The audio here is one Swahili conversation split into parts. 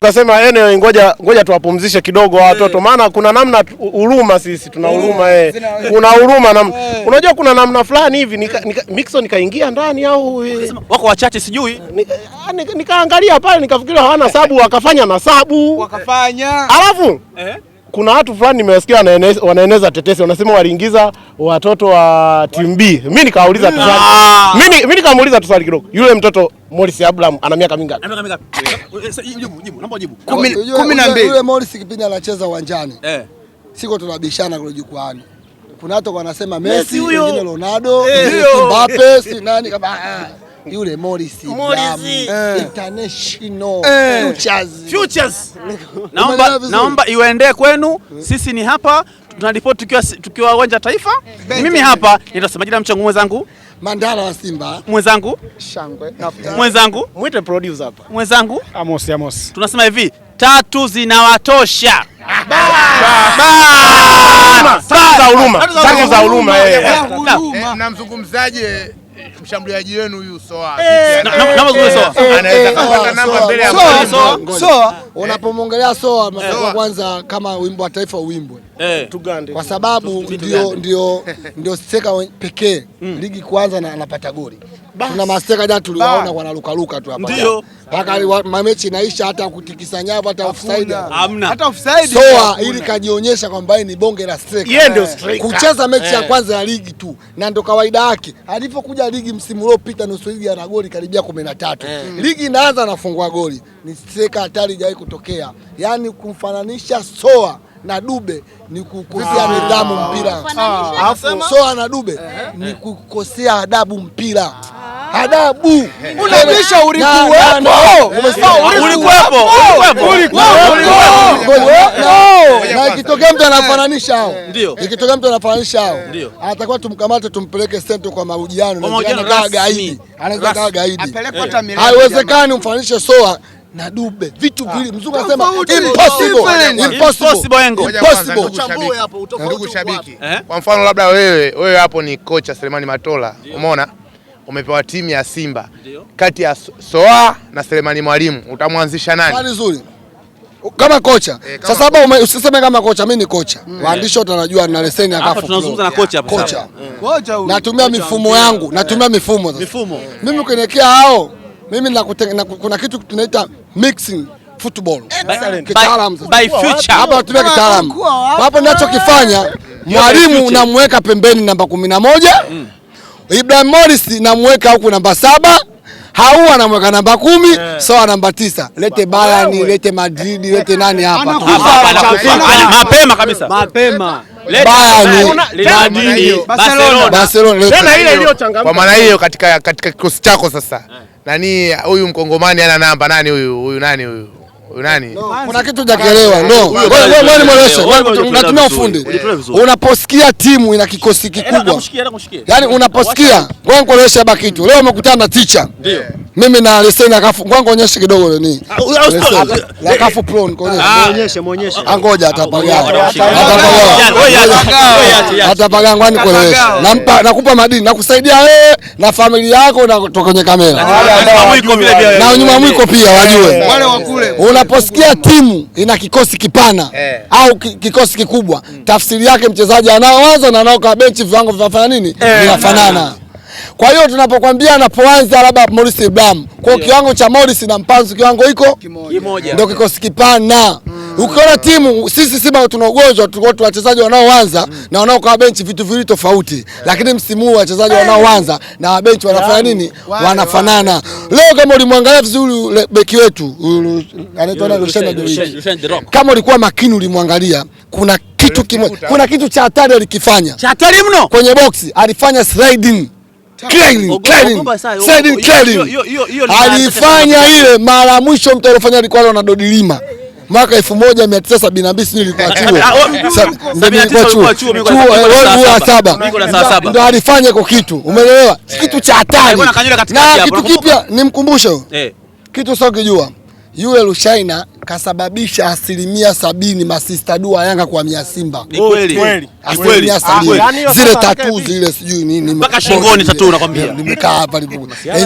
Tukasema ene eh, ngoja ngoja tuwapumzishe kidogo eh. watoto, maana kuna namna huruma, sisi tuna eh. huruma eh, kuna huruma na unajua, kuna namna fulani hivi nika, nika, nikaingia ndani au wako wachache sijui, nikaangalia nika pale nikafikiria hawana sabu, wakafanya na sabu wakafanya, alafu eh kuna watu fulani nimewasikia wanaeneza tetesi, wanasema waliingiza watoto wa timu B. Mimi nikauliza tu swali, mimi ah! nikamuuliza tu swali kidogo, yule mtoto Morris Abraham ana miaka mingapi? Ana miaka mingapi? Eh, kumi jibu. mbili. Yule Morris kipindi anacheza uwanjani eh, siko tunabishana kule jukwaani, kuna watu wanasema Messi, wengine Ronaldo, eh. Mbappe, si nani kama yule Morris eh. International eh. Futures. Naomba naomba iwaendee kwenu. Hmm. Sisi ni hapa tunaripoti tukiwa tukiwa uwanja Taifa. Mimi hapa nitasema jina mchangu mwenzangu Mandala wa Simba. Mwenzangu Shangwe. Mwenzangu mwite producer hapa. Mwenzangu Amos Amos. Tunasema hivi, tatu zinawatosha. Tatu za huruma. Tatu za huruma. Eh. Namzungumzaje? mshambuliaji wenu huyu Soa Soa, unapomwongelea eh, Soa kwanza kama wimbo wa taifa uimbwe eh. kwa sababu ndio ndio ndio steka pekee hmm. ligi kwanza na anapata goli Tuna masteka jana tuliwaona wanarukaruka tu hapa. Ndio. Mpaka mechi naisha hata kutikisa nyavu hata offside. Hamna. Hata offside. Soa ili kajionyesha kwamba yeye ni bonge la striker. Yeye ndio striker. Kucheza mechi ya eh. kwanza ya ligi tu na ndio kawaida yake. Alipokuja ligi msimu uliopita nusu ligi ana goli karibia 13. Eh. Mm. Ligi inaanza anafungua goli. Ni striker hatari jawahi kutokea. Yaani kumfananisha Soa na Dube ni kukosea ah. nidhamu mpira. Soa na Dube eh. ni kukosea adabu mpira. Ah adabu. Unaonyesha ulikuwepo, ulikuwepo, na ikitokea mtu anafananisha hao, ikitokea mtu anafananisha hao, atakuwa tumkamate, tumpeleke sento kwa mahojiano, gaidi anaweza kawa gaidi. Haiwezekani umfananishe Soa na Dube vitu ah. vile, mzungu anasema impossible, impossible, impossible. Ndugu shabiki, eh? kwa mfano labda wewe wewe hapo ni kocha Selemani Matola, umeona umepewa timu ya Simba kati ya Soa na Selemani Mwalimu, utamwanzisha nani? Swali zuri kama kocha e, kama sasa hapa usiseme kama kocha, mimi ni kocha mm. Waandishi wote wanajua na leseni ya akafu. Tunazungumza na kocha hapa. Kocha. Eh. Kocha huyu. Natumia mifumo yangu, natumia eh. mifumo sasa. Mifumo. Mimi ukielekea hao, mimi na kuna kitu tunaita mixing football. Kitaalamu sasa. By future. Hapa natumia kitaalamu. Hapo ninachokifanya mwalimu namweka pembeni namba 11. Mm. Ibrahim Morris namweka huku namba saba Hau anamweka namba kumi yeah. Soa namba tisa lete Bayern, lete Madrid, lete nani hapa mapema kabisa, mapema kwa maana hiyo katika katika kikosi chako sasa, eh. nani huyu mkongomani ana namba nani? Huyu huyu nani huyu nani? Kuna kitu hajakielewa. No. Wewe ufundi. Unaposikia timu ina kikosi eh, kikubwa. Yaani unaposikia, ngoja nikueleweshe hapa kitu. Leo umekutana na teacher. Ndio. Mimi na leseni ya Kafu. Kwangu onyeshe kidogo nini? Ya Kafu Pro onyeshe. Muonyeshe. Angoja atapagawa. Atapagawa. Atapagawa ngwani kuelewesha. Nampa nakupa madini, nakusaidia wewe na familia yako na kutoka kwenye kamera. Na nyuma mwiko pia wajue. Wale wa kule. Unaposikia timu ina kikosi kipana eh. au kikosi kikubwa, tafsiri yake mchezaji anaoanza na anao kwa benchi viwango vinafanya nini? Eh. Vinafanana. Kwa hiyo tunapokwambia anapoanza labda Morris Ibrahim, kwa yeah. kiwango cha Morris na Mpanzu kiwango iko kimoja, ndio kikosi kipana. Mm. Ukiona timu sisi Simba tuna ugonjwa tu, wachezaji wanaoanza mm. na wanaokaa benchi vitu viwili tofauti yeah. Lakini msimu huu wachezaji eh. wanaoanza na benchi yaani, wanafanya nini? Wanafanana Leo kama ulimwangalia vizuri yule beki wetu anaitwa nani, Rushine, kama ulikuwa makini ulimwangalia, kuna kitu kimoja, kuna kitu cha hatari alikifanya, cha hatari mno kwenye boxi, alifanya sliding Alifanya ile mara mwisho mtu aliyofanya alikuwa na Dodilima mwaka elfu moja mia tisa sabini na mbili nilikuwa chuo saba, ndo alifanya ko kitu, umeelewa? Eh. Kitu cha hatari na kitu kipya. Nimkumbushe eh. kitu sio kijua yule Rushaina kasababisha asilimia sabini masista wa Yanga kwa mia Simba. Asilimia ah, sabini. Yaani zile tatu zile sijui nini. Mpaka shingoni tatu nakwambia. Nimekaa hapa lipo. nikija. Yaani-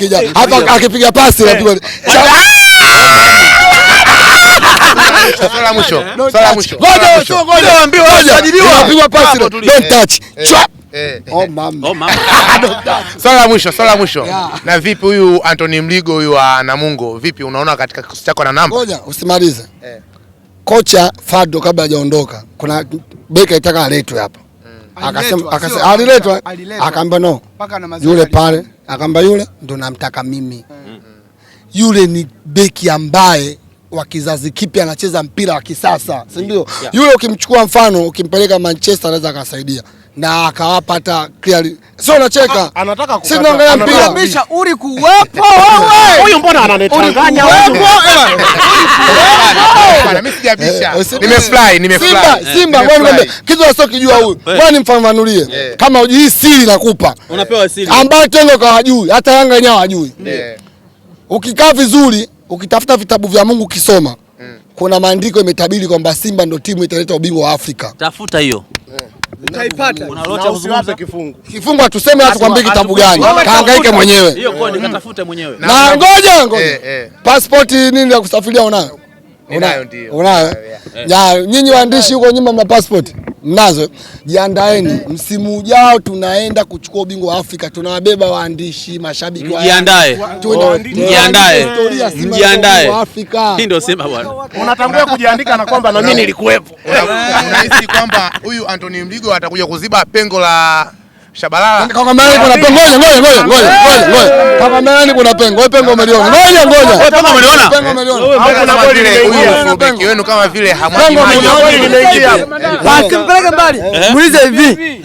eh, eh, hapa eh. akipiga pasi napigwa. Ngoja, ngoja. Don't touch. Chap. Eh. Oh mama. Oh mama. Swala la mwisho, swala la mwisho. Yeah. Na vipi huyu Anthony Mligo huyu wa Namungo? Vipi unaona katika kikosi chako na namba? Ngoja usimalize. Eh. Kocha Fado kabla hajaondoka, kuna beka itaka aletwe hapa. Mm. Akasema akasema aliletwa. Akaamba no. Yule pale, akaamba yule ndo namtaka mimi. Mm. Yule ni beki ambaye wa kizazi kipya anacheza mpira wa kisasa, si ndio? Yeah. Yule ukimchukua mfano ukimpeleka Manchester anaweza akasaidia na akawapa hata clear. Sio unacheka. Anataka kukata. Sio ngaya mpira. Bisha uri kuwepo wewe. Huyu mbona ananitanganya eh! wewe? Bwana mimi sijabisha. Eh, eh, nimefly, nimefly. Simba, Simba wewe ngombe. Kitu sio kijua huyu. Bwana nimfafanulie. Kama hujui siri nakupa. Unapewa siri. Ambayo tendo kwa hajui, hata Yanga yenyewe hajui. Ukikaa vizuri, ukitafuta vitabu vya Mungu ukisoma kuna maandiko imetabiri kwamba Simba ndio timu italeta ubingwa wa Afrika. Tafuta hiyo utaipata. Kuna Unalota kifungu kifungu, atuseme hata kwambie kitabu gani, kaangaike mwenyewe hiyo, kodi katafute mwenyewe na ngoja ngoja, eh, eh. Passport nini ya kusafiria unayo? Unayo ndio. Unayo. Ya, nyinyi waandishi huko nyuma mna passport. Mnazo. Jiandaeni. Msimu ujao tunaenda kuchukua ubingwa wa Afrika. Tunawabeba waandishi, mashabiki wa. Jiandae. Oh, Jiandae. Hii ndio sema bwana. Unatangua kujiandika na kwamba na mimi nilikuwepo. Unahisi kwamba huyu Anthony Mligo atakuja kuziba pengo la Shabalala kakwambia kuna pengo. Ngoja ngoja ngoja ngoja ngoja, kakwambia kuna pengo. Wewe pengo umeliona? Ngoja ngoja, wewe pengo umeliona? Pengo umeliona au kuna goli limeingia? Beki wenu kama vile hamwaki maji, basi mpeleke mbali, eh? muulize hivi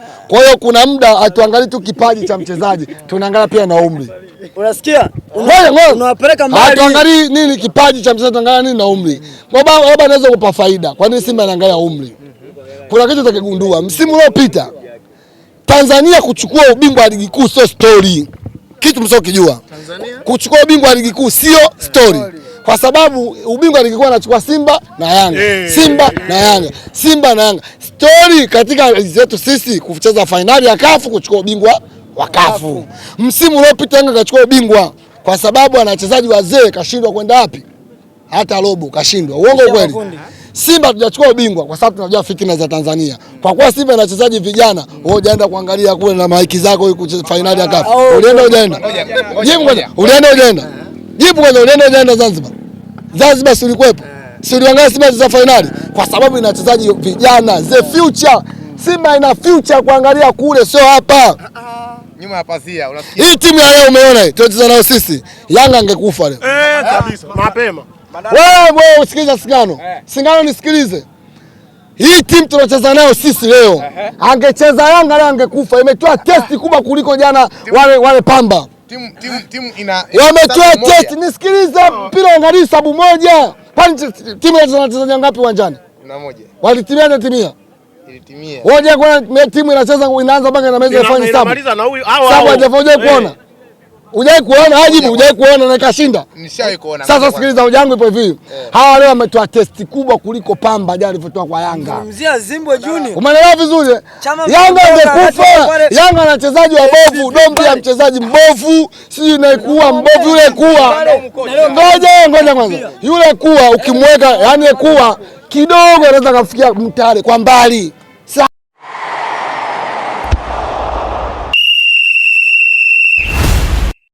Kwa hiyo kuna muda hatuangalii tu kipaji cha mchezaji, tunaangalia pia na umri. Unasikia? Unawapeleka mbali. Hatuangalii nini kipaji cha mchezaji, tunaangalia nini na umri. Baba anaweza kupa faida, kwa nini Simba anaangalia umri? Kuna kitu utakigundua msimu uliopita Tanzania kuchukua ubingwa wa ligi kuu sio story. Kitu msiokijua. Kuchukua ubingwa wa ligi kuu sio eh, story. Kwa sababu ubingwa ligi kuu anachukua Simba na Yanga. Eh. Simba na Yanga. Simba na Yanga stori katika zetu sisi kucheza fainali ya kafu kuchukua ubingwa wa kafu. Msimu uliopita Yanga kachukua ubingwa kwa sababu ana wachezaji wazee, kashindwa kwenda wapi, hata robo kashindwa. Uongo kweli? Simba tujachukua ubingwa kwa sababu tunajua fitina za Tanzania. Kwa kuwa Simba ina wachezaji vijana, wewe hujaenda kuangalia kule na maiki zako huko fainali ya kafu. Ulienda ujaenda? Jibu kwanza, ulienda ujaenda? Jibu kwanza, ulienda ujaenda Zanzibar? Zanzibar si ulikuwepo? Siuliangalia Simba za finali kwa sababu ina wachezaji vijana, the future. Simba ina future kuangalia kule, sio hapa. Nyuma ya pazia unasikia. Hii timu ya leo umeona hii tunacheza nayo sisi. Yanga angekufa leo. Eh, kabisa. Mapema. Wewe wewe usikilize Singano. Eh. Singano nisikilize. Hii timu tunacheza nayo sisi leo. Angecheza Yanga leo angekufa. Imetoa testi kubwa kuliko jana wale wale Pamba. Timu timu timu ina wametoa testi, nisikilize mpira, angalia sabu moja Kwani timu yetu zina wachezaji ngapi uwanjani? Na moja. Walitimia na timia? Ilitimia. Woje kwa timu inacheza inaanza mpaka na meza ifanye sabu. Sabu hajafoje kuona. Eh. Hujai kuona ajibu, hujai kuona na kashinda. Nishai kuona. Sasa sikiliza hoja yangu ipo hivi. Yeah. Hawa leo wametoa testi kubwa kuliko Pamba jana alivyotoa kwa Yanga. Mzee Zimbwe Junior. Umeelewa vizuri? Yanga ingekufa. Yanga na mchezaji wa Dombi ya mchezaji mbovu, si inaikuwa mbovu yule kuwa. Ngoja ngoja kwanza. Yule kuwa ukimweka, yani kuwa kidogo anaweza kafikia mtare kwa mbali.